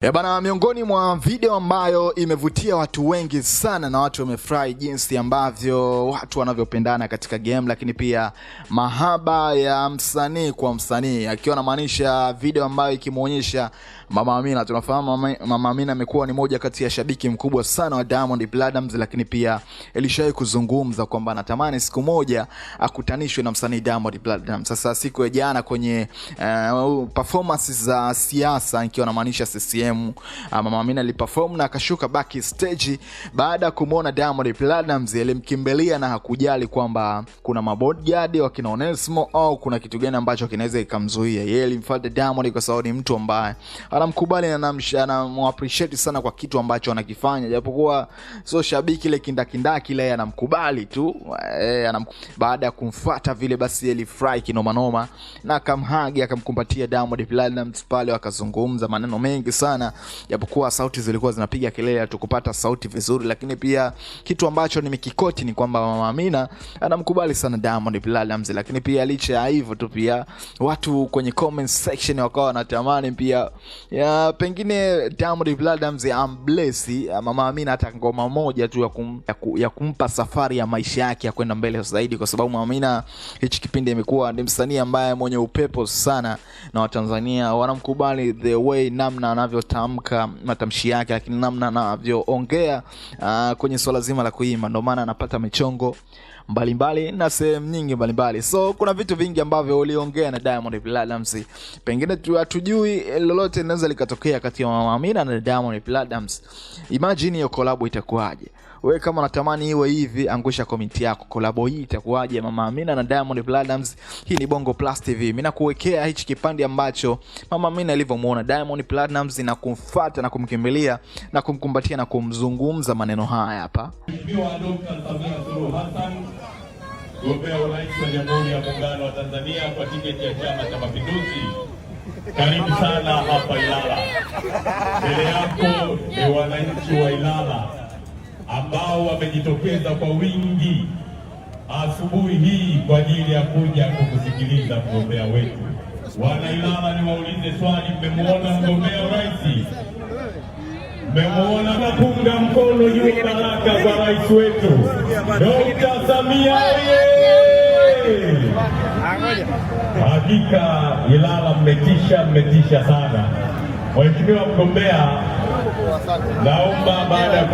E bana, miongoni mwa video ambayo imevutia watu wengi sana na watu wamefurahi jinsi ambavyo watu wanavyopendana katika game, lakini pia mahaba ya msanii kwa msanii, akiwa anamaanisha video ambayo ikimwonyesha Mama Amina. Tunafahamu Mama Amina amekuwa ni moja kati ya shabiki mkubwa sana wa Diamond Platnumz, lakini pia ilishawahi kuzungumza kwamba anatamani siku moja akutanishwe na msanii Diamond Platnumz. Sasa siku ya jana kwenye uh, eh, performance za siasa, ikiwa anamaanisha CCM marehemu Mama Amina aliperform na akashuka back stage baada ya kumwona Diamond Platnumz alimkimbilia na hakujali kwamba kuna mabodyguard wakina onesimo au kuna kitu gani ambacho kinaweza ikamzuia yeye. Alimfuata Diamond kwa sababu ni mtu ambaye anamkubali na anamappreciate sana kwa kitu ambacho anakifanya, japokuwa sio shabiki ile kindakindaki ile, anamkubali tu eh, anam... baada ya kumfuata vile basi alifurahi kinoma noma na akamhagi akamkumbatia Diamond Platnumz pale, wakazungumza maneno mengi sana sana, japokuwa sauti zilikuwa zinapiga kelele, hatukupata sauti vizuri. Lakini pia kitu ambacho nimekikoti ni kwamba Mama Amina anamkubali sana Diamond Platinumz. lakini pia licha ya hivyo tu pia watu kwenye comment section wakawa wanatamani pia ya, pengine Diamond Platinumz amblesi Mama Amina hata ngoma moja tu ya, kum, ya, ku, ya kumpa safari ya maisha yake ya kwenda mbele zaidi, kwa sababu Mama Amina hichi kipindi imekuwa ni msanii ambaye mwenye upepo sana na Watanzania wanamkubali the way namna anavyo anavyotamka matamshi yake, lakini namna anavyoongea uh, kwenye swala zima la kuimba, ndio maana anapata michongo mbalimbali na sehemu nyingi mbalimbali. So kuna vitu vingi ambavyo uliongea na Diamond Platnumz, pengine hatujui eh, lolote linaweza likatokea kati ya mamina na Diamond Platnumz. Imagine hiyo kolabo itakuwaje? We kama unatamani iwe hivi, angusha komenti yako, kolabo hii itakuwaje? Mama Amina na Diamond Platnumz. Hii ni Bongo Plus TV, mimi nakuwekea hichi kipande ambacho Mama Amina alivyomuona Diamond Platnumz na kumfuata na kumkimbilia na kumkumbatia na kumzungumza maneno haya hapa mgombea urais wa Jamhuri ya Muungano wa Tanzania kwa tiketi ya Chama cha Mapinduzi. Karibu sana hapa Ilala. Mbele yako ni wananchi wa Ilala ambao wamejitokeza kwa wingi asubuhi hii kwa ajili ya kuja kukusikiliza mgombea wetu. Wana Ilala, niwaulize swali, mmemwona mgombea urais? mmemwona mapunga mkono juu baraka za rais wetu dokta Samia? Hakika Ilala mmetisha, mmetisha sana. Mheshimiwa mgombea, naomba baada ya